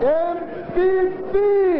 MVP!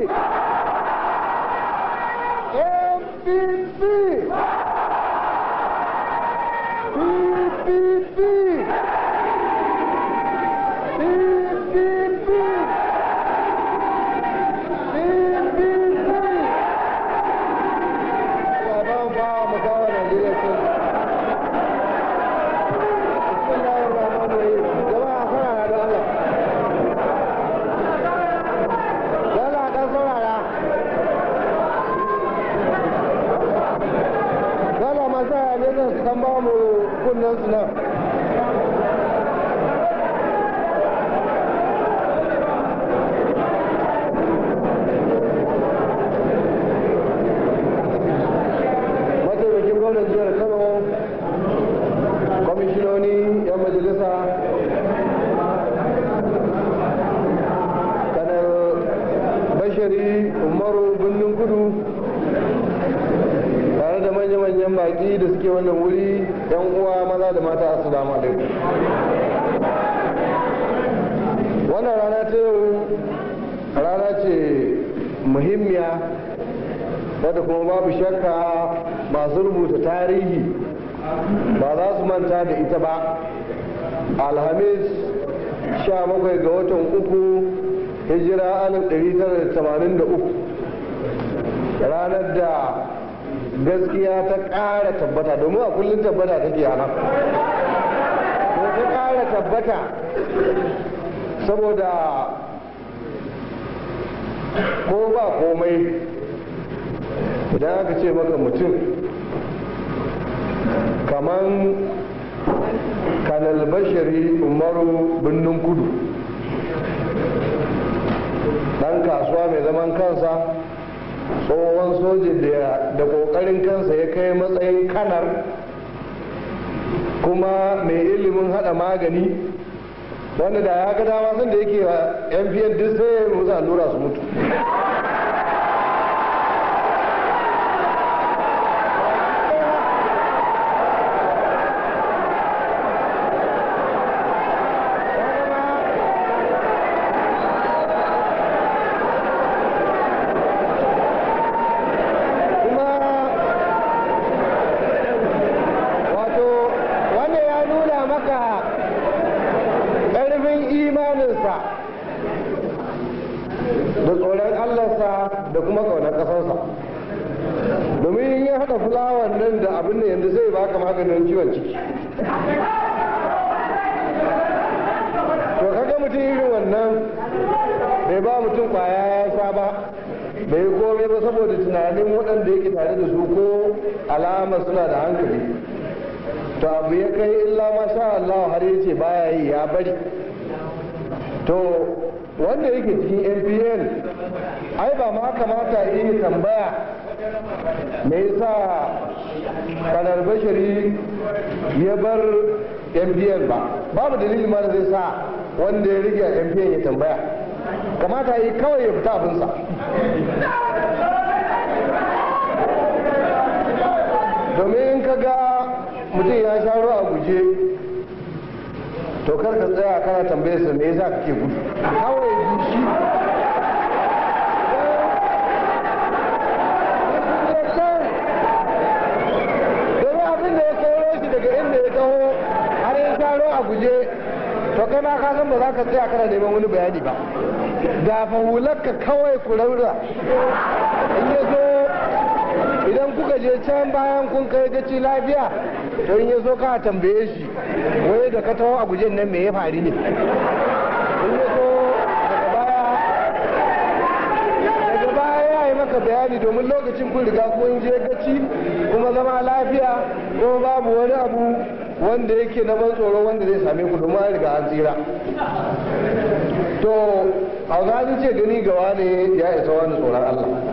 muhimmiya wadda kuma babu shakka masu rubuta tarihi ba za su manta da ita ba alhamis sha bakwai ga watan uku hijira 1983 ranar da gaskiya ta kara tabbata domin a kullum tabbata ta a ko ta kara tabbata saboda ko ba komai idan aka ce maka mutum kaman kanal bashari umaru birnin kudu dan kasuwa mai zaman kansa tsohon sojin da ƙoƙarin kansa ya kai matsayin kanar kuma mai ilimin hada magani wanda da ya ga dama sanda yake wa yan biyan duk sai musu allura su mutu imaninsa da tsoron allansa da kuma ƙaunar ƙasarsa domin in ya haɗa fulawan nan da abin da yanzu zai baka maganin ciwon ciki to kaga mutum irin wannan bai ba mutum kwaya ya sha ba bai komai ba saboda tunanin waɗanda yake tare da su ko alama suna da hankali to abu ya kai illa masha Allah har yace baya yi ya bari to wanda yake cikin npl ai ba ma kamata yi tambaya me yasa kanar bashari ya bar npl ba babu dalilin ma zai sa wanda ya riga npl ya tambaya kamata yi kawai ya fita abinsa domin ka ga mutum ya sha ruwa a guje to kar ka tsaya kana tambayar sa me yasa ke gudu haure shi abin da ya koro shi daga inda ya taho har ya saro a guje to kai ma ka san ba za ka tsaya kana neman wani bayani ba da fahularka kawai ku raura in ya zo idan kuka je can bayan kun kai gaci lafiya to in ya zo ka tambaye shi wai da ka taho a gujen nan me ya faru ne maka bayani domin lokacin kun riga kun je gaci kuma zama lafiya ko babu wani abu wanda yake na ban tsoro wanda zai same ku domin riga an tsira to a ce gani gawa ne ya isa wani tsoron Allah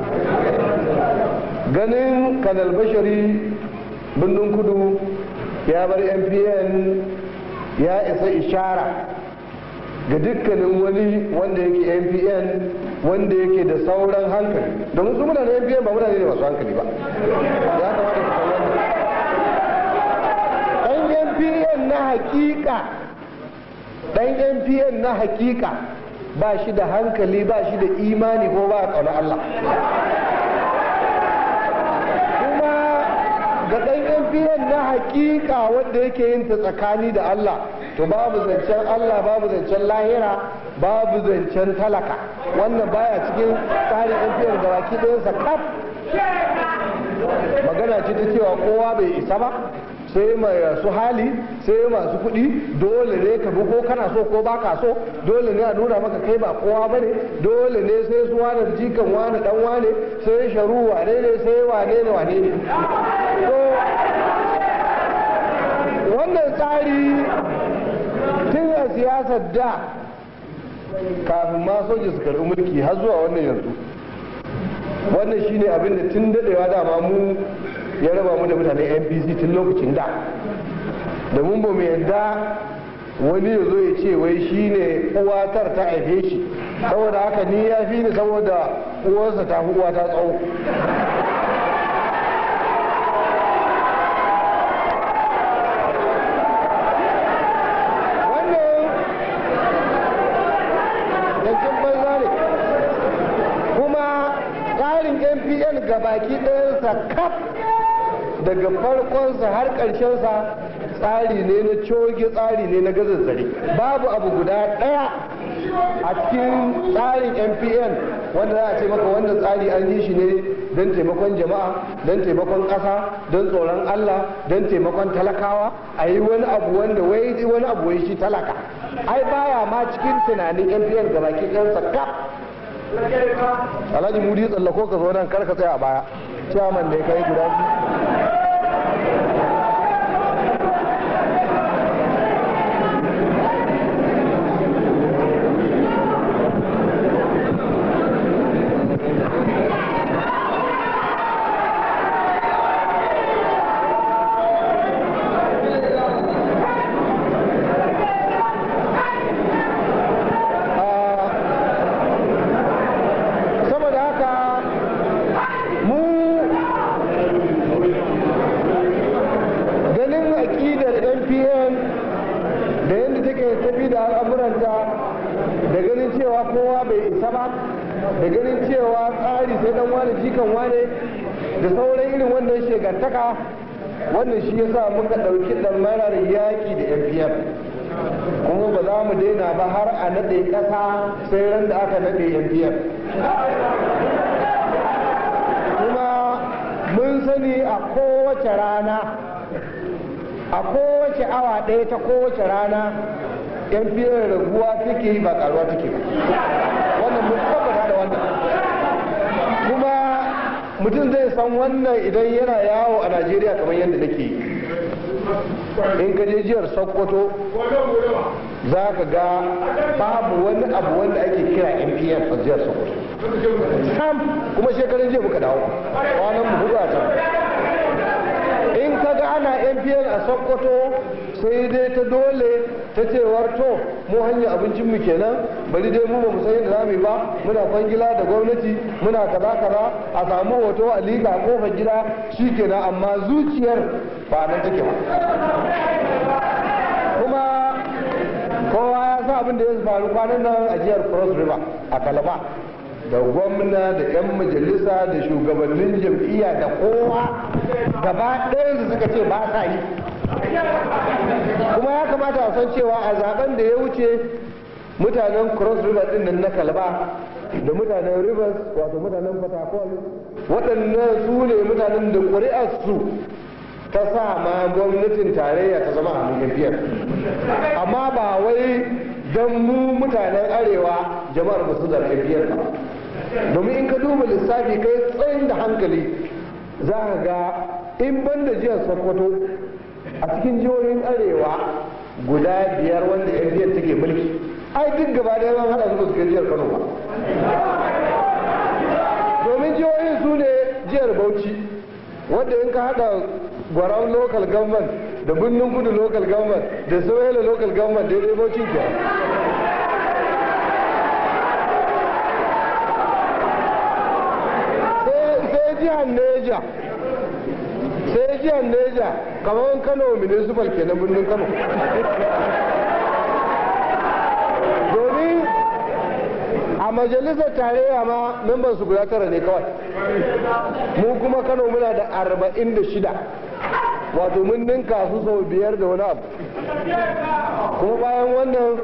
ganin kanal bashari bindin kudu ya bar mpn ya isa ishara ga dukkanin wani wanda yake mpn wanda yake da sauran hankali domin su da mpn ba muna ne masu hankali ba ya kamata ka san ɗan mpn na hakika ɗan mpn na hakika ba shi da hankali ba shi da imani ko ba a ƙaunar allah ga ɗan yan fiyan na hakika wanda yake yin ta tsakani da Allah to babu zancen Allah babu zancen lahira babu zancen talaka wannan baya cikin tsarin ƴan fiyan da baki ɗayansa kaf magana ce ta cewa kowa bai isa ba sai masu hali sai masu kuɗi dole ne ka ko kana so ko ba ka so dole ne a nuna maka kai ba kowa bane dole ne sai su wani jikan wani dan wane sai sharu wane ne sai wane ne wane ne wannan tsari tun a siyasar da kafin ma soji su karɓi mulki har zuwa wannan yanzu wannan shine abin da tun daɗewa dama mu ya raba mu da mutane npc tun lokacin da da mun ba mu yadda wani ya zo ya ce wai shi ne uwatar ta haife shi saboda haka ni ya fi ni saboda uwarsa ta fi uwata tsawo kuma tsarin npn gabaki ɗayansa kaf daga farkonsa har ƙarshensa tsari ne na coge tsari ne na gazazzare babu abu guda ɗaya a cikin tsarin mpn wanda za a ce maka wannan tsari an yi shi ne don taimakon jama'a don taimakon ƙasa don tsoron allah don taimakon talakawa a yi wani abu wanda wai wani abu wai shi talaka ai baya ma cikin tunanin mpn baki ɗansa kaf alhaji mudi tsallako ka zo nan kar ka tsaya a baya ciyaman da ya kai guda biyu Yeah. wannan shi ya sa muka ɗauki ɗamarar yaƙi da fpf kuma ba za mu daina ba har a naɗe ƙasa sai ran da aka naɗe fpf kuma mun sani a kowace rana a kowace awa ɗaya ta kowace rana fpf raguwa take ba ƙaruwa take ba mutum zai san wannan idan yana yawo a najeriya kamar yadda nake in ka je sokoto za ka ga babu wani abu wanda ake kira npf a jihar sokoto sam kuma shekarun jiya muka dawo kwanan mu hudu a can in ka ga ana npf a sokoto sai dai ta dole ta ce to mu hanyar abincin mu kenan bari dai mu ba mu san yadda zamu ba muna kwangila da gwamnati muna kaza kaza a samu hoto a liƙa kofar gida shikenan amma zuciyar ba nan take ba kuma kowa ya sa abin da ya faru kwanan nan a jihar cross river a kalaba da gwamna da 'yan majalisa da shugabannin jam'iyya da kowa gaba ɗayan su suka ce ba sa yi kuma ya kamata a san cewa a zaben da ya wuce mutanen cross river din nan na kalba da mutanen rivers wato mutanen fatakol waɗannan su ne mutanen da ƙuri'arsu ta sa ma gwamnatin tarayya ta zama a tafiyar amma ba wai don mu mutanen arewa jama'ar ba su zarfafiyar ba domin in ka duba lissafi kai tsayin da hankali za ka ga in ban da jihar sokoto a cikin jihohin arewa guda biyar wanda yan jiyar take mulki ai duk gaba da yawan hada su suke su jihar kano ba domin jihohin su ne jihar bauchi wanda in ka hada gwaron local government da birnin kudu local government da sohela local government daidai bauchi ke sai jihar neja jihar neja kamar kano ke na birnin kano domin a majalisar tarayya ma membansu su guda tara ne kawai mu kuma kano muna da arba'in da shida wato mun ninka su sau biyar da wani abu kuma bayan wannan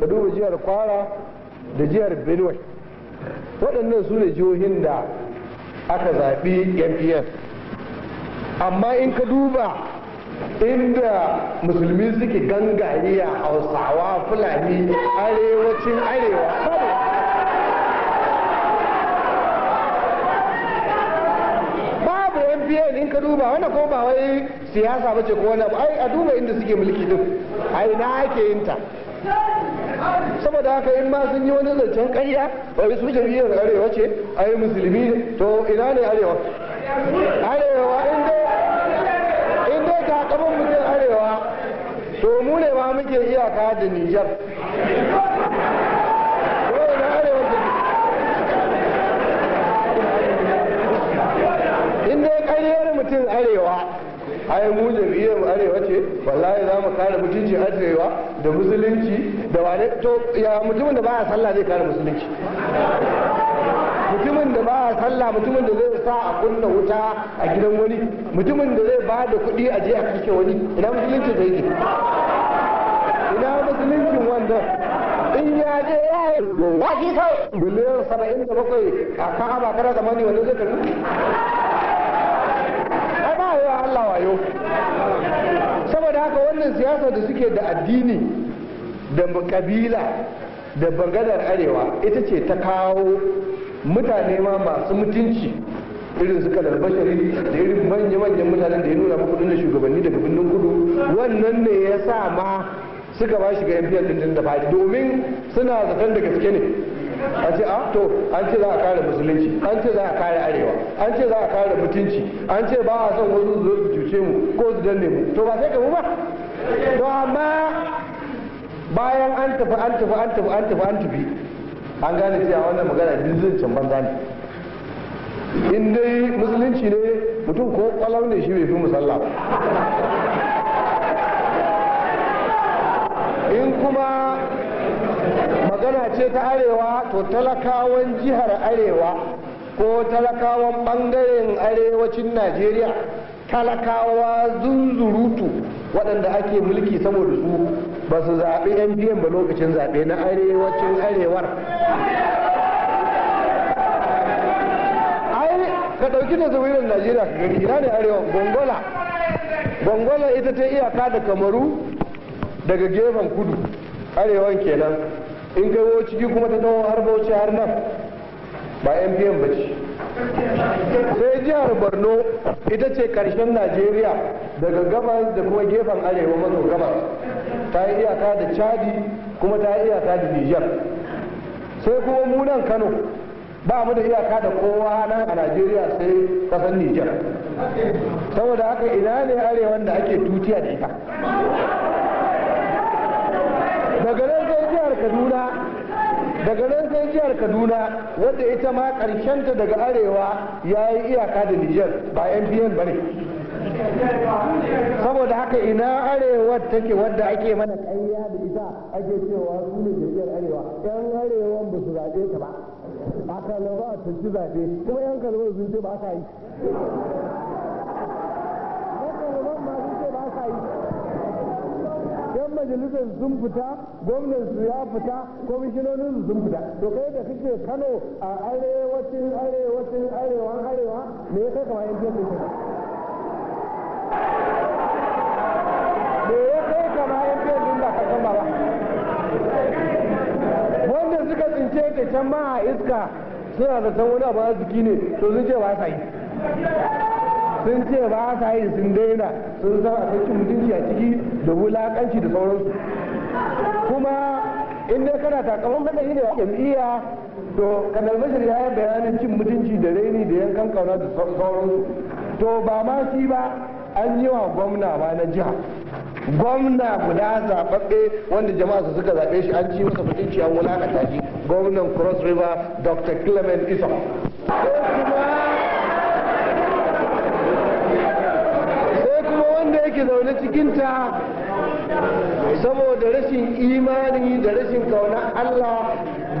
ka duba jihar kwara da jihar benue waɗannan su ne jihohin da aka zaɓi mps amma in ka duba inda musulmi suke gangariya hausawa fulani arewacin arewa babu npn in ka duba wanda ko ba wai siyasa ba ce ko wani abu ai a duba inda suke mulki duk ai na ake yin ta saboda haka in ma sun yi wani zancen karya wai su jam'iyyar arewa ce ai musulmi ne to ina ne arewa arewa to mu ne ma muke iyaka da Nijar in dai karyar mutum arewa ai mu jam'iyyar mu arewa ce wallahi za mu kare mutunci arewa da musulunci da wane to ya mutumin da baya sallah zai kare musulunci mutumin da a sallah mutumin da zai sa a kunna wuta a gidan wani mutumin da zai ba da kuɗi a je a kashe wani ina musulunci zai ne in ya je ya yi ya kai biliyan saba'in da bakwai a kan haɓa kara da mani wani zai kari ai ba ya Allah wayo saboda haka wannan siyasa da suke da addini da kabila da bangadar arewa ita ce ta kawo mutane ma masu mutunci irin su kadar bashari da irin manya-manyan mutanen da ya nuna muku da shugabanni daga birnin kudu wannan ne ya sa ma suka ba shi ga yan biyan dindin da fadi domin suna zaton da gaske ne a ce a ah, to an ce za a kare musulunci an ce za a kare arewa an ce za a kare mutunci an ce ba a son wasu su zo su cuce mu ko su danne mu to ba sai ka mu ba to amma bayan an tafi an tafi an tafi an tafi an tafi an gane cewa wannan magana dizin can banza ne in dai musulunci ne mutum ko kwalau ne shi bai fi musalla ba kuma magana ce ta arewa to talakawan jihar arewa ko talakawan bangaren arewacin najeriya talakawa zunzurutu waɗanda ake mulki saboda su ba su zaɓi biyan ba lokacin zaɓe na arewacin arewar ka ɗauki da zaɓirin najeriya ka gani ina ne arewa gongola gongola ita ta iyaka da kamaru daga gefen kudu arewan kenan in kai ciki kuma ta tawo har bauchi har nan ba mpm ba ce sai jihar borno ita ce karshen najeriya daga gabas da kuma gefen arewa maso gabas ta yi iyaka da chadi kuma ta yi iyaka da nijar sai kuma munan kano ba mu da iyaka da kowa nan a najeriya sai kasan nijar saboda haka ina ne arewan da ake tutiya da ita daga nan sai jihar kaduna daga nan sai jihar kaduna wadda ita ma ta daga arewa ya yi iyaka da nijar ba biyan ba ne saboda haka ina arewa take wadda ake mana ƙarya da ita ake cewa su ne jirgin arewa yan arewan ba su zaɓe ta ba a ba a ci zaɓe kuma yan kalaba sun ce ba sa yi sun ce ba sa yi yan majalisar sun fita gwamnan su ya fita kwamishinonin sun fita to kai da kake kano a arewacin arewacin arewa arewa me ya kai kamar yanke jefe ne me ya kai kamar yan jefe ba ka san ba wanda suka tsince ta can ma a iska suna da san wani abu arziki ne to zuke ba ba sa yi sun ce ba sa yi sun daina sun san a cin mutunci a ciki da wulakanci da sauransu kuma in dai kana takaman kada yi da jam'iyya to kanar bashir ya yi bayanin cin mutunci da raini da yankan kauna da sauransu to ba ma shi ba an yi wa gwamna ma na jiha gwamna guda zaɓaɓɓe wanda jama'a su suka zaɓe shi an ci masa mutunci an wulakanta shi gwamnan cross river dr clement isa ake zaune cikinta saboda rashin imani da rashin kauna Allah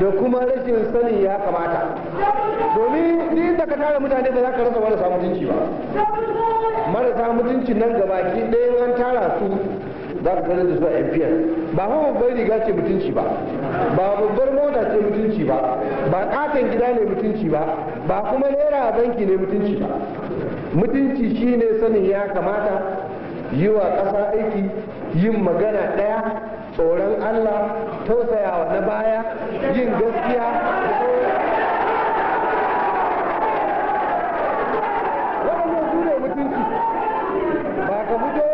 da kuma rashin sani ya kamata domin ni da ka tara mutane ba za ka rasa marasa mutunci ba marasa mutunci nan baki ɗaya an tara su za ka sanar da su a mpn ba hau babbar riga ce mutunci ba ba babbar mota ce mutunci ba ba katon gida ne mutunci ba ba kuma naira banki ne mutunci ba mutunci shine sanin ya kamata yi wa ƙasa aiki yin magana ɗaya tsoron allah tausayawa na baya yin gaskiya waɗannan su mutunci ba ka fito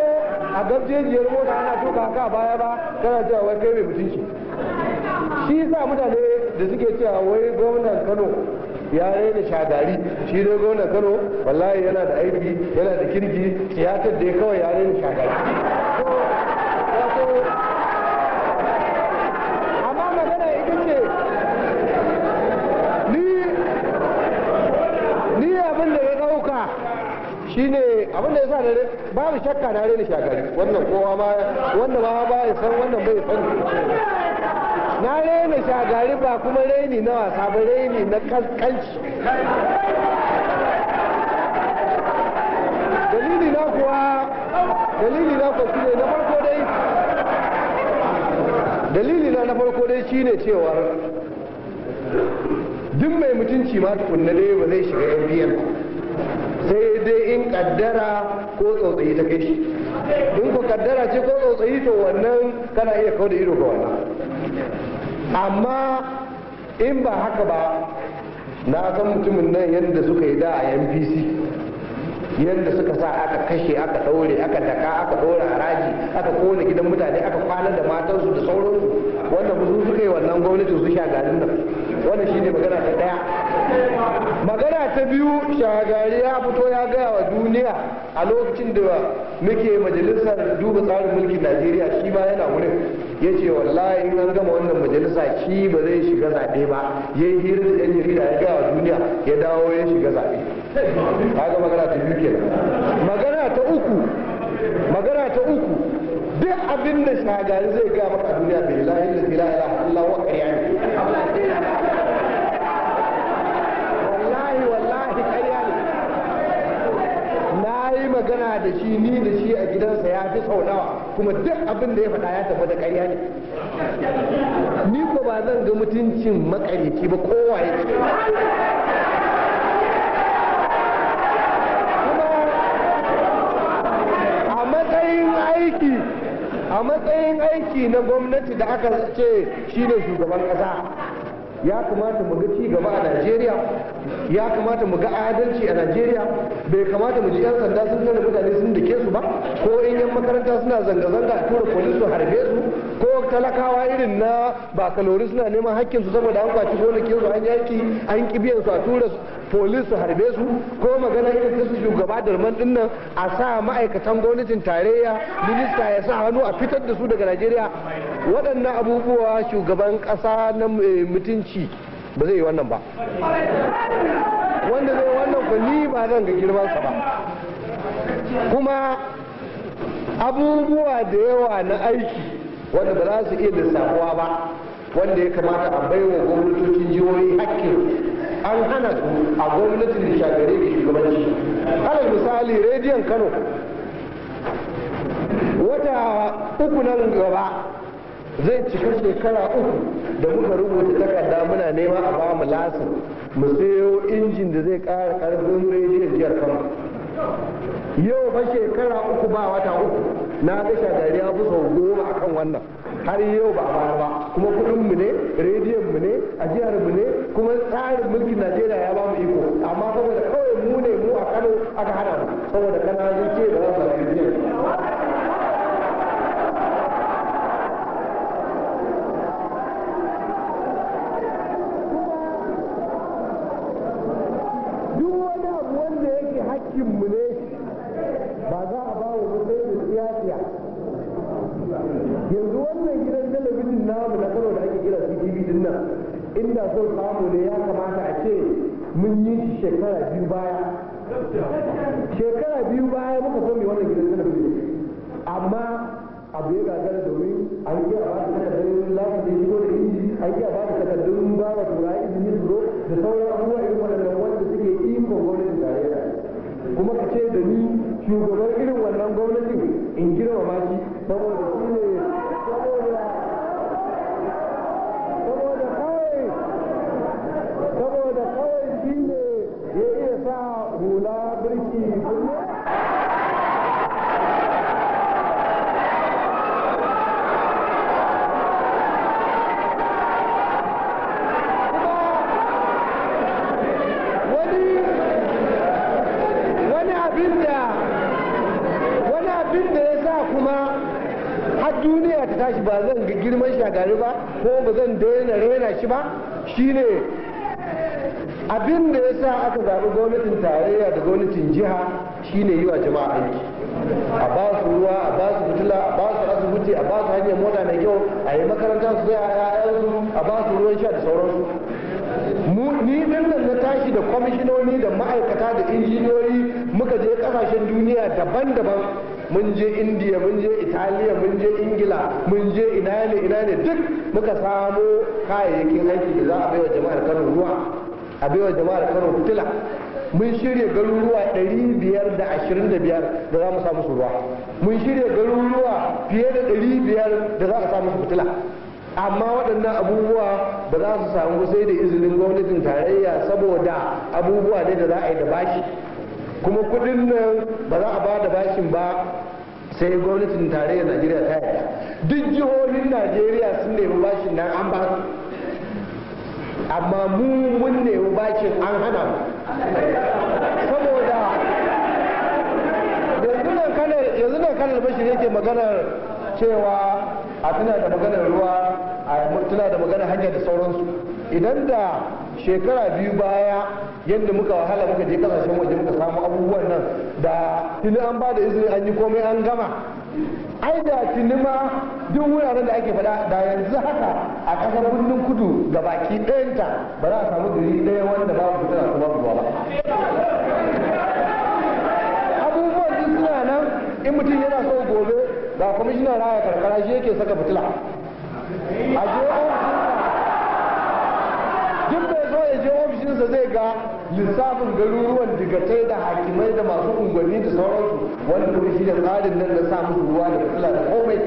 a gabjejiyar mota ana toka ka baya ba kana cewa wai kai mai mutunci shi sa mutane da suke cewa wai gwamnan kano ya raina shagari shi dai gwamna kano wallahi yana da aiki yana da kirki tiyatar da kawai ya raina shagari amma ni abin da ya ɗauka shine abin da ya sa dare babu shakka na da shagari wannan kowa ma wanda ma ba ya san wannan bai san na raina shagari ba kuma raini na wasa ba raini na kaskanci dalili na kuwa dalili na kuwa shine na farko dai dalili na na farko dai shine cewar duk mai mutunci ma tukunna dai ba zai shiga yan biyan sai dai in kaddara ko tsotsayi ta kai shi in ku kaddara ce ko tsotsayi to wannan kana iya kawo da ido ga wannan amma in ba haka ba na san mutumin nan yadda suka yi da a npc yadda suka sa aka kashe aka ɗaure aka daka aka ɗora haraji aka kone gidan mutane aka kwana da matansu da sauransu wanda su suka yi wannan gwamnatin su shagarin nan wannan shine magana ta ɗaya magana ta biyu shagari ya fito ya gaya wa duniya a lokacin da muke majalisar duba tsarin mulkin najeriya shi ma yana wurin ya ce wallahi in an gama wannan majalisa shi ba zai shiga zaɓe ba ya yi hira da yan jarida ya gaya wa duniya ya dawo ya shiga zaɓe kaga magana ta biyu kenan magana ta uku magana ta uku duk abin da shagari zai gaya maka duniya bai lahi da tila ila Allah wa ƙarya ne wallahi wallahi ƙarya ne na yi magana da shi ni da shi a gidansa ya fi sau nawa kuma duk abin da ya faɗa ya tafi da ƙarya ne ni ko ba zan ga mutuncin makariki ba kowa ya a matsayin aiki a matsayin aiki na gwamnati da aka ce shine shugaban ƙasa ya kamata mu ga cigaba a Najeriya ya kamata mu ga adalci a Najeriya bai kamata mu ji yan sanda sun tare mutane sun dake su ba ko in yan makaranta suna zanga zanga a tura police su harbe su ko talakawa irin na ba kalori suna neman hakkin su saboda an kwaci ke su an yaki an kibiyan su a tura folis su harbe su ko magana irin ta su shugaba darman din nan a sa ma'aikatan gwamnatin tarayya minista ya sa hannu a fitar da su daga Najeriya waɗannan abubuwa shugaban ƙasa na eh, mutunci ba zai yi wannan ba wanda zai wannan ku ba zan ga girmansa ba kuma abubuwa da yawa na aiki wanda ba za su iya samuwa ba wanda ya kamata a baiwa gwamnatocin jihohi hakkin an hana su a gwamnatin da shagare da shugabanci alal misali rediyon kano wata uku nan gaba zai cika shekara uku da muka rubuta takarda muna nema a bamu lasin mu sayo injin da zai kara karfin rediyon jiyar kano yau ba shekara uku ba wata uku na ga shagariya busa goma a kan wannan har yau ba a ba kuma kudin mu ne rediyon mu ne a jihar mu ne kuma tsarin mulkin najeriya ya ba mu iko amma saboda kawai mu ne mu a kano aka hada mu saboda kana ce da wasu rediyon inda son samu ne ya kamata a ce mun yi shi shekara biyu baya shekara biyu baya muka san mai wannan gidan biyu amma abu ya gagara domin an yi a bada takardun lafi da shigo da inji an yi a bada takardun ba wa turai izini zuro da sauran abubuwa irin wadanda wanda suke ikon gwamnatin tarayya kuma ka ce da ni shugaban irin wannan gwamnatin in girmama shi saboda shi ne har duniya ta tashi ba zan ga girman shagari ba ko ba zan daina raina shi ba shine abin da ya sa aka zaɓi gwamnatin tarayya da gwamnatin jiha shine yi wa jama'a aiki a ba su ruwa a ba su fitila a ba su asibiti a ba su hanyar mota mai kyau a yi makaranta su zai a yayansu a ba su ruwan sha da sauransu ni nan na tashi da kwamishinoni da ma'aikata da injiniyoyi muka je kasashen duniya daban-daban mun je indiya mun je italiya mun je ingila mun je ina ne ina ne duk muka samo kayayyakin aiki da za a baiwa jama'ar kano ruwa a baiwa jama'ar kano fitila mun shirya garuruwa 525 da za mu samu su ruwa mun shirya garuruwa fiye da 500 da za a samu su fitila amma waɗannan abubuwa ba za su samu sai da izinin gwamnatin tarayya saboda abubuwa ne da za a yi da bashi kuma kudin nan ba za a ba da bashin ba sai gwamnatin tarayyar najeriya ta yaya. duk jihohin najeriya sun nemi bashin nan an ba su amma mu mun nemi bashin an hana mu saboda yanzu nan kanar bashin yake maganar cewa a tuna da maganar ruwa a tuna da maganar hanyar da sauransu idan da shekara biyu baya yadda muka wahala muka je kasashen waje muka samu abubuwan nan da tuni an ba da izini an yi komai an gama ai da tuni ma duk wuraren da ake faɗa da yanzu haka a ƙasar birnin kudu ga baki ɗayanta ba za a samu gari ɗaya wanda ba mu fitar su ba ruwa ba abubuwan duk suna nan in mutum yana so gobe ga kwamishinan raya karkara shi yake saka fitila a je duk zo ya je ofishinsa zai ga lissafin garuruwan digatai da hakimai da masu unguwanni da sauransu wani kuma shi da tsarin nan da sa musu ruwa da fitila da komai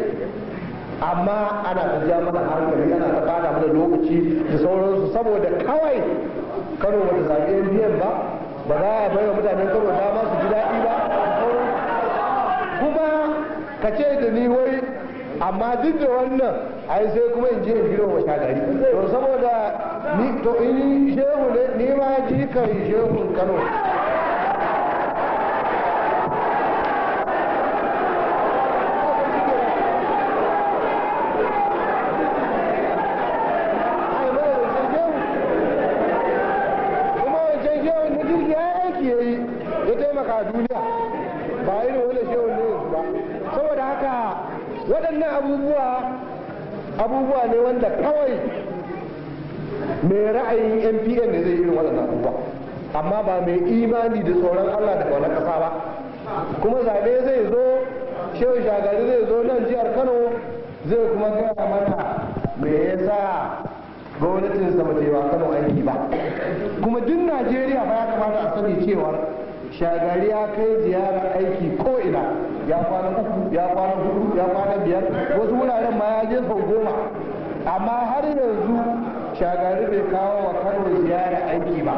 amma ana ta ja hankali ana ta fada mana lokaci da sauransu saboda kawai kano bata zaɓe biyan ba ba za a bai wa mutanen kano dama su ji daɗi ba kuma ka ce da ni wai amma duk da wannan ai sai kuma in je in gidan wa shagari to saboda ni to in shehu ne ni ma ji kai shehu Kano ya yi ya taimaka duniya ba irin wani haka waɗannan abubuwa abubuwa ne wanda kawai mai ra'ayin npn ne zai irin waɗannan abubuwa amma ba mai imani da tsoron allah da wani ƙasa ba kuma zaɓe zai zo shehu shagari zai zo nan jihar kano zai kuma gaya mata me yasa gwamnatin sama ta yi wa kano aiki ba kuma duk najeriya ba ya kamata a sani cewa shagari ya kai ziyarar aiki ko ina ya kwana uku ya kwana hudu ya kwana biyar wasu wuraren ma ya je sau goma amma har yanzu shagari bai kawo wa kano ziyara aiki ba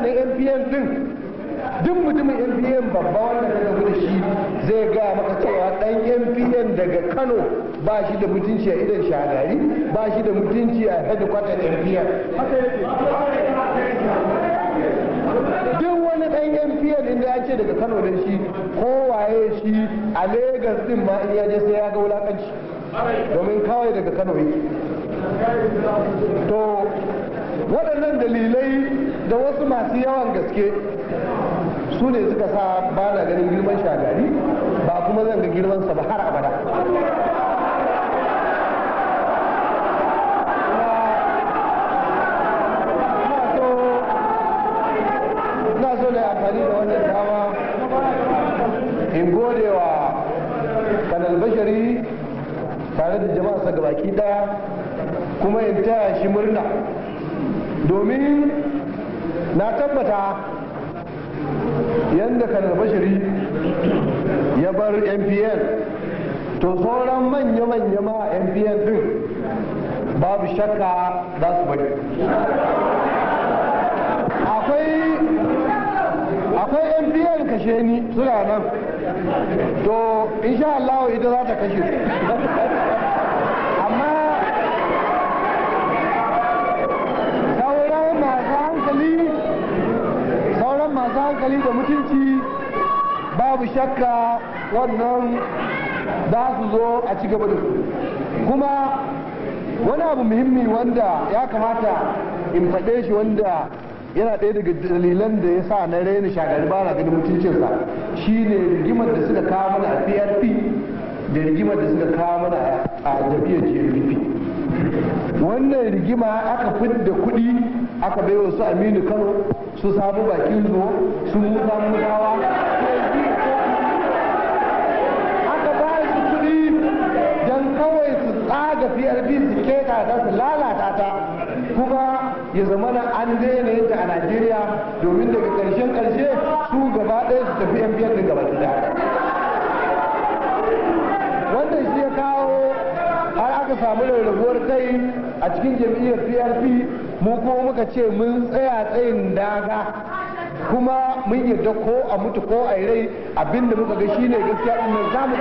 mutanen npn din duk mutumin npn babba wanda ka rabu wani shi zai ga maka cewa dan npn daga kano ba shi da mutunci a idan shagari ba shi da mutunci a headquarter npn duk wani dan npn inda ya ce daga kano da shi kowaye shi a lagos din ma iya je sai ya ga wulakanci domin kawai daga kano yake to waɗannan dalilai da wasu masu yawan gaske su ne suka sa ba na ganin girman shagari ba kuma zan ga sa ba har abada na so na amfani da wannan dama in gode wa kanal bashari tare da sa gabaki daya kuma in taya shi murna mata yadda kanar bashiri ya bar NPN to sauran manya-manya ma NPN din babu shakka za su bari akwai NPN kashe ni suna nan to insha Allah ita za ta kashe hankali da mutunci babu shakka wannan za su zo a ci gaba da su kuma wani abu muhimmi wanda ya kamata in faɗe shi wanda yana ɗaya daga dalilan da ya sa na raina shagari ba na ganin mutuncinsa shine rigimar da suka kawo mana a prp da rigimar da suka kawo mana a jam'iyyar gdp wannan rigima aka fidda kuɗi aka baiwa su aminu kano su samu bakin zo su muta mutawa aka ba su kudi don kawai su tsaga prp su keta ta su lalata ta kuma ya zama na an daina yadda a najeriya domin daga ƙarshen ƙarshe su gaba ɗaya su tafi yan biyar daga gaba wanda shi ya kawo har aka samu rarrabuwar kai a cikin jam'iyyar prp mu kuma muka ce mun tsaya tsayin daga kuma mun yarda ko a mutu ko a rai abinda muka ga shine gaskiya din nan za mu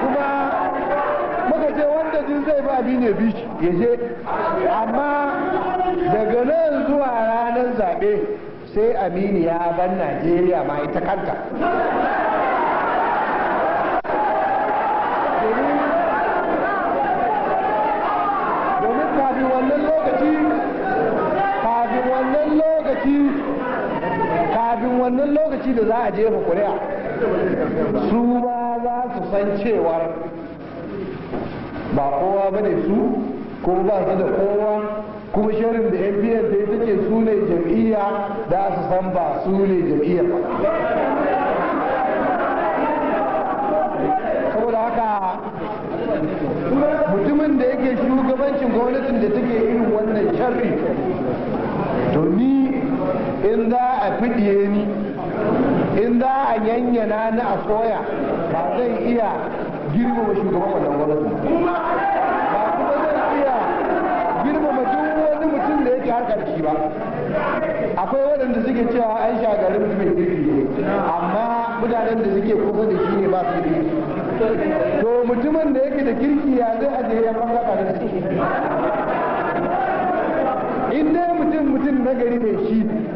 kuma muka ce wanda jin zai ba bi ne bi ya je amma daga nan zuwa ranar zaɓe sai amini ya ban najeriya ma ita kanta kafin wannan lokaci kafin wannan lokaci kafin wannan lokaci da za a jefa kuri'a su ma za su san cewar ba kowa ba ne su kuma ba su da kowa kuma shirin da yan biyar da ita ce su ne jam'iyya za su san ba su ne jam'iyyar ba mutumin da yake shugabancin gwamnatin da take yin wannan sharri to ni in za a fidiye ni in za a yanyana na a soya ba zai iya girmama shugaban wannan gwamnati ba kuma zai iya girmama duk wani mutum da yake harkar shi ba akwai waɗanda suke cewa an shagari mutumin girki amma mutanen da suke kusa da shi ne ba su girki to mutumin da yake da kirki ya zai aje ya fara da shi in dai mutum mutum na gari ne shi in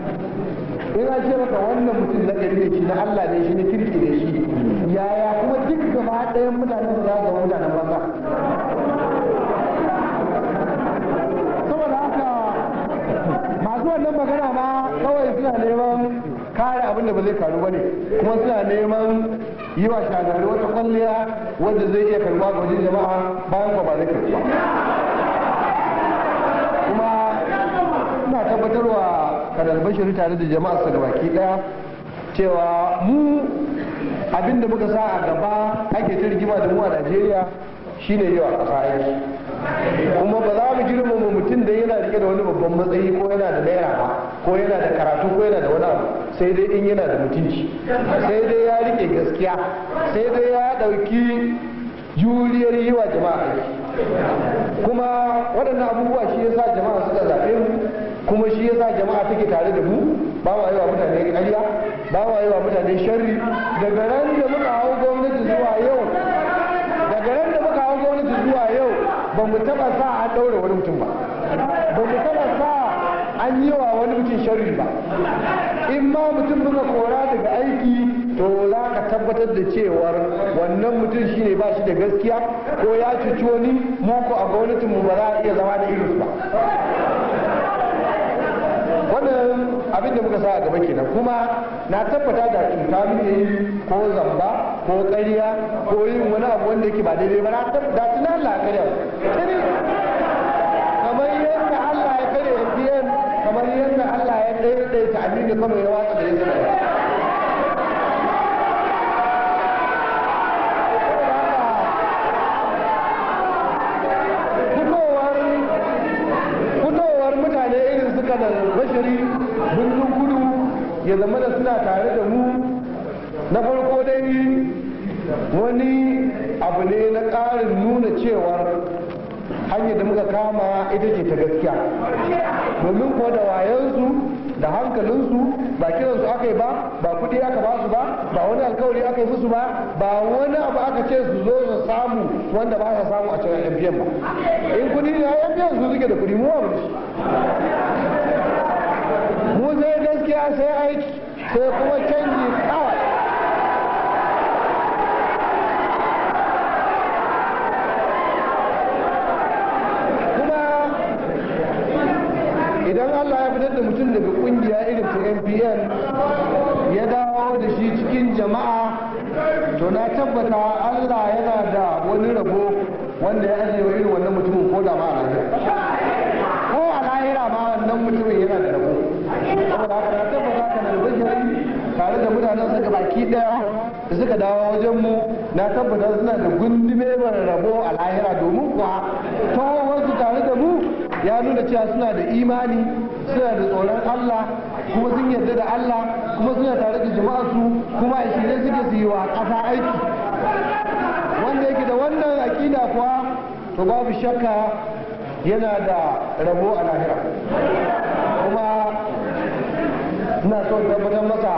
an ce maka wannan mutum na gari ne shi na Allah ne shi na kirki ne shi yaya kuma duk gaba ɗayan mutanen da za ga mutanen banza saboda haka masu wannan magana ma kawai suna neman kare abin da ba zai karu ba ne kuma suna neman yi wa shagari wata kwalliya wanda zai iya karba ga jama'a bayan ba zai karba kuma ina tabbatarwa kadar bashir tare da jama'a su baki daya cewa mu abin da muka sa a gaba ake ta rigima da mu a najeriya shine yawa ƙasa kuma ba za mu girmama mutum da yana rike da wani babban matsayi ko yana da naira ba ko yana da karatu ko yana da wani abu sai dai in yana da mutunci sai dai ya rike gaskiya sai dai ya ɗauki juriyar yi wa jama'a kuma waɗannan abubuwa shi ya sa jama'a suka zaɓe mu kuma shi ya sa jama'a take tare da mu ba wa yi wa mutane ƙarya ba wa yi wa mutane sharri daga ran da muka hau gwamnati zuwa yau daga ran da muka hau gwamnati zuwa yau ba mu taɓa sa a ɗaure wani mutum ba ba mu an yi wa wani mutum sharri ba in ma mutum buga kora daga aiki to za ka tabbatar da cewar wannan mutum shine ba shi da gaskiya ko ya cuci wani moko a gwamnatin mu ba za a iya zama da irin ba wannan abin da muka sa a gaba kenan kuma na tabbata da cuta ne ko zamba ko ƙarya ko yin wani abu wanda yake ba daidai ba na tabbata na Allah aminu kano ya watsa da ya zama mutane irin suka da bashiri birnin gudu ya zama da suna tare da mu na farko dai wani abu ne na ƙarin nuna cewar hanyar da muka kama ita ce ta gaskiya domin kuwa da wayansu da hankalinsu ba kiransu aka yi ba ba kuɗi aka ba su ba ba wani alkawari aka yi musu ba ba wani abu aka ce su zo su samu wanda ba su samu a cikin MPN ba in kuɗi ne MPN su suke da kuɗi mu ba mu sai gaskiya sai aiki sai kuma canji kawai idan Allah ya fitar da mutum daga mpn ya dawo da shi cikin jama'a to na tabbata allah yana da wani rabo wanda ya ajiye irin wannan mutumin ko da ma a ko a lahira ma wannan mutumin yana da rabo saboda haka na tabbata na da tare da mutanen suka baki daya da suka dawo wajen mu na tabbata suna da gundume mara rabo a lahira domin kuwa ta wasu tare da mu ya nuna cewa suna da imani suna da tsoron Allah kuma sun yarda da Allah kuma suna tare da jama'a su kuma a shirye suke su yi wa ƙasa aiki wanda yake da wannan aƙida kuwa to babu shakka yana da rabo a lahira kuma ina son tabbatar masa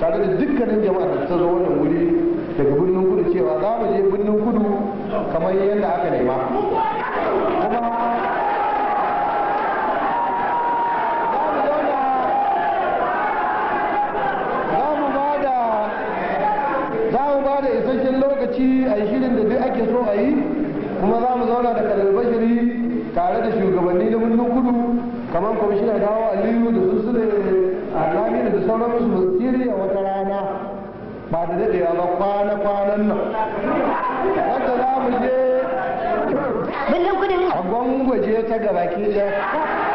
tare da dukkanin jama'a da zo wannan wuri daga birnin kudu cewa za mu je birnin kudu kamar yadda aka nema ci a yi shirin da duk ake so a yi kuma za mu zauna da kalar bashiri tare da shugabanni da mulkin kudu kamar kwamishina dawo aliyu da su su da alami da sauran musu musiri a wata rana ba da daɗewa ba kwana kwanan nan wanda za mu je a gwangwaje ta gabakin ɗaya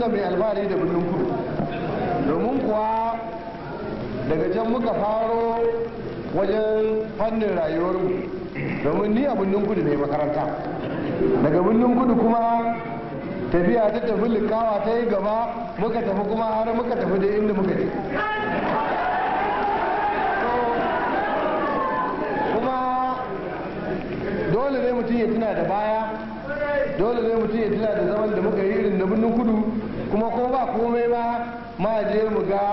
dinga mai alfahari da birnin kudu domin kuwa daga can muka faro wajen fannin rayuwarmu domin ni a birnin kudu ne makaranta daga birnin kudu kuma tafiya ta tafi likawa ta yi gaba muka tafi kuma har muka tafi da inda muka je kuma dole ne mutum ya tuna da baya dole ne mutum ya tuna da zaman da muka yi irin na birnin kudu kuma ko ba komai ba ma je mu ga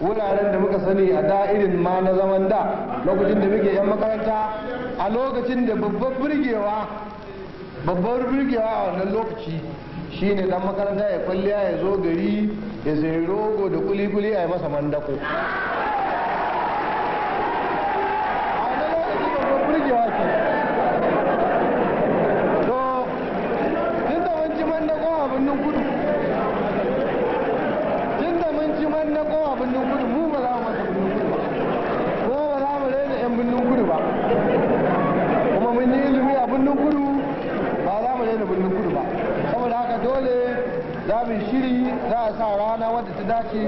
wuraren da muka sani a da'irin ma na zaman da lokacin da muke yan makaranta a lokacin da babbar burgewa babbar burgewa a wannan lokaci shine dan makaranta ya kwalliya ya zo gari ya sayi rogo da kuli-kuli a yi masa mandako za a sa rana wadda ta dace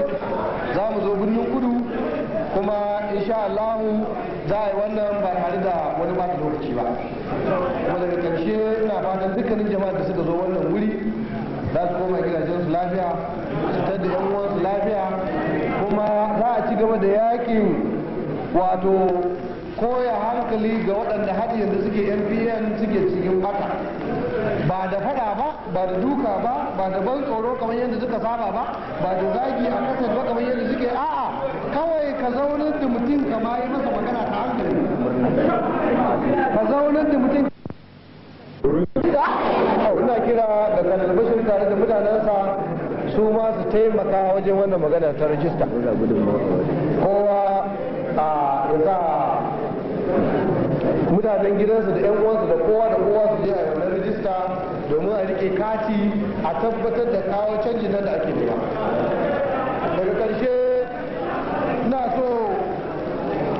za mu zo birnin kudu kuma insha Allah za a yi wannan ba tare da wani ba lokaci ba kuma daga karshe ina fatan dukkanin jama'a da suka zo wannan wuri za su koma gidajen su lafiya su da yan su lafiya kuma za a ci gaba da yakin wato koya hankali ga waɗanda har yanzu suke npn suke cikin bata ba da fada ba ba da duka ba ba da ban tsoro kamar yadda suka saba ba ba da zagi a kasar ba kamar yadda suke a'a kawai ka zaunar da mutum ka ma yi masa magana ta hankali ka zaunar da mutum ina kira da kanal bashir tare da mutanensa su ma su taimaka wajen wannan magana ta rajista kowa a mutanen gidansu da 'yan uwansu da kowa da kowa su je a na rijista domin a rike kati a tabbatar da kawo canji nan da ake nema daga karshe ina so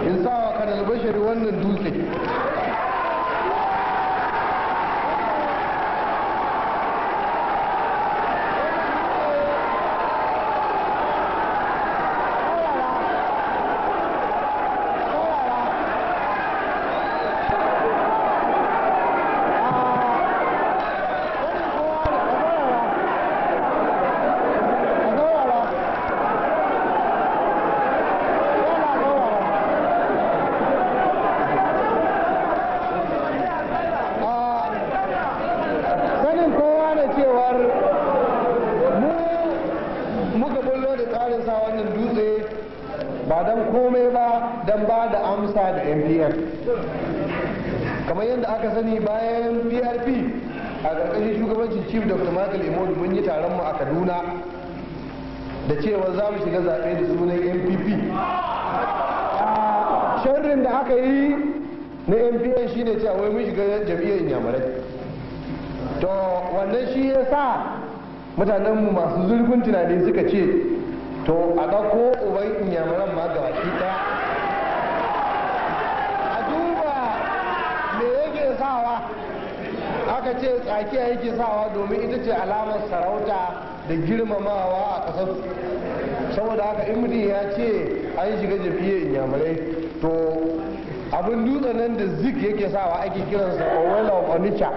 in sa wa kanal wannan dutse aka sani bayan prp a ƙarƙashin shugabancin chief dr michael imodu mun yi taron mu a kaduna da cewa za mu shiga zaɓe da sunan mpp sharrin da aka yi na shi shine cewa wai mun shiga jam'iyyar inyamurai to wannan shi ya sa mutanen mu masu zurfin tunani suka ce to a ɗauko uban inyamuran ma ga baki sawa aka ce tsakiya yake sawa domin ita ce alamar sarauta da girmamawa a ƙasar saboda haka in mutum ya ce an shiga in yamurai to abin dutsen nan da zik yake sawa ake kiransa a of onicha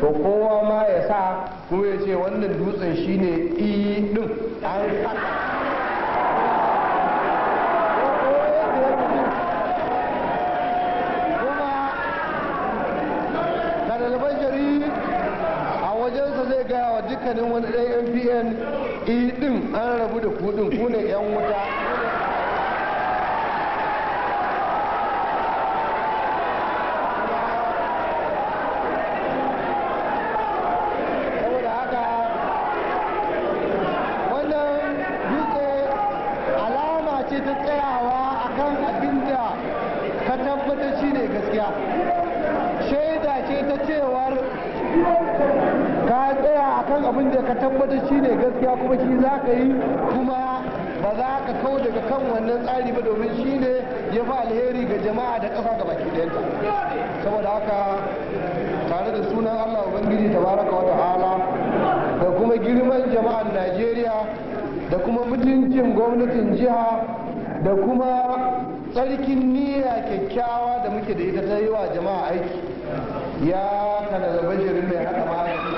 to kowa ma ya sa kuma ya ce wannan dutsen shine i e din an saka ɗin eh, an rabu da kuɗin ku ne yan wuta tabbatar shi ne gaskiya kuma shi za ka yi kuma ba za ka kawo daga kan wannan tsari ba domin shi ne ya fi alheri ga jama'a da ƙasa ga baki saboda haka tare da sunan allah ubangiji tabaraka wa ta'ala da kuma girman jama'ar najeriya da kuma mutuncin gwamnatin jiha da kuma tsarkin niyya kyakkyawa da muke da ita ta yi wa jama'a aiki ya kana da bajirin mai haɗa magani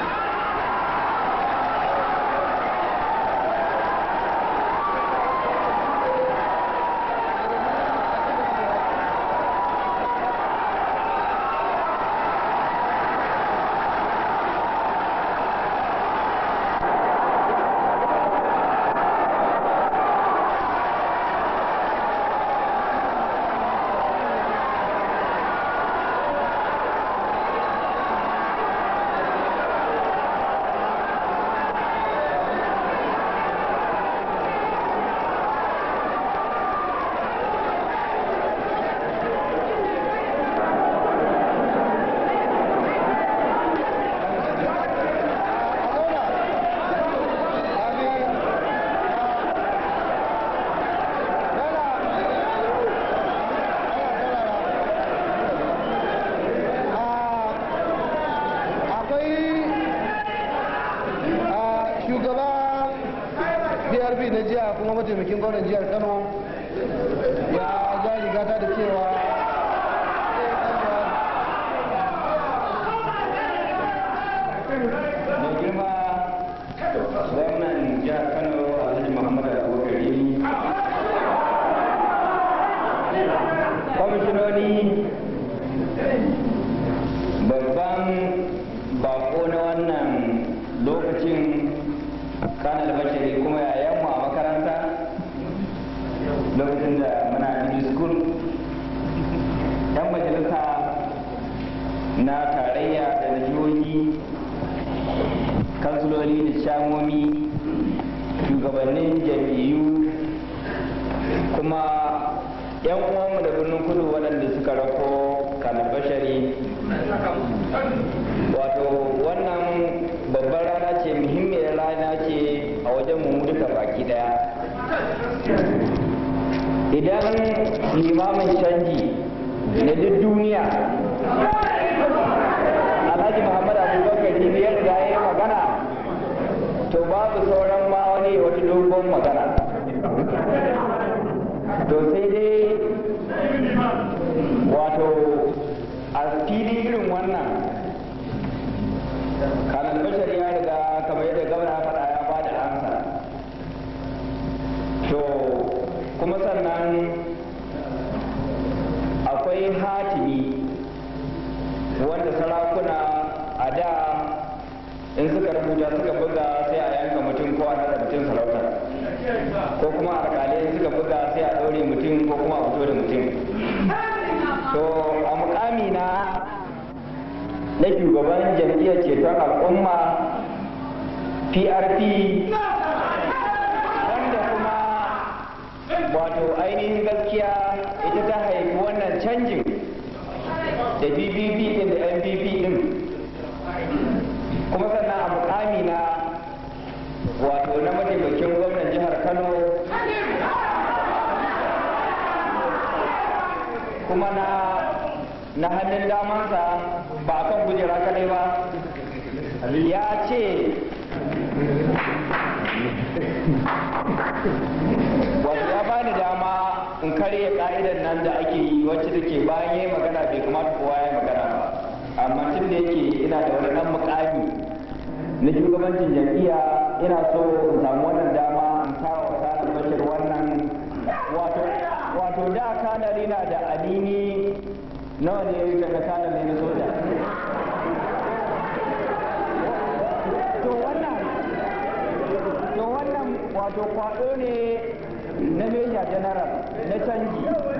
mataimakin gwamnan jihar kano ya ja rigata da cewa jihar kano babban bako na wannan lokacin kanar bashari kuma ya lokacin da muna middle school yan majalisa na tarayya da na jihohi kansuloli da shamomi shugabannin jam'iyyu kuma yan uwanmu da birnin kudu waɗanda suka rako kalabashari wato wannan babbar rana ce muhimmiyar rana ce a wajen mu duka baki daya idan limamin canji na duk duniya alhaji muhammad abubakar ne ya riga ya magana to babu sauran wani wata dogon magana to sai dai wato a fili irin wannan suka buga sai a yanka mutum ko a nada mutum sarauta ko kuma alƙalai suka buga sai a ɗaure mutum ko kuma a fito da mutum to a mukami na na shugaban jam'iyyar ceton al'umma prp wanda kuma wato ainihin gaskiya ita ta haifi wannan canjin da bbb din da mpp din kuma sannan a mukami wato na mataimakin gwamnan jihar kano kuma na na hannun damansa ba a kan gujera kadai ba ya ce wato ya bani dama in karya ka'idan nan da ake yi wacce take bayan yi magana bai kamata kowa ya magana amma tun da yake ina da wani dan mukami na shugabancin jam'iyya ina so in samu wannan dama in kawo wa salim bashir wannan wato da kanari na da alini nawa ne daga ne na soja to wannan to wannan wato kwado ne na meja general na canji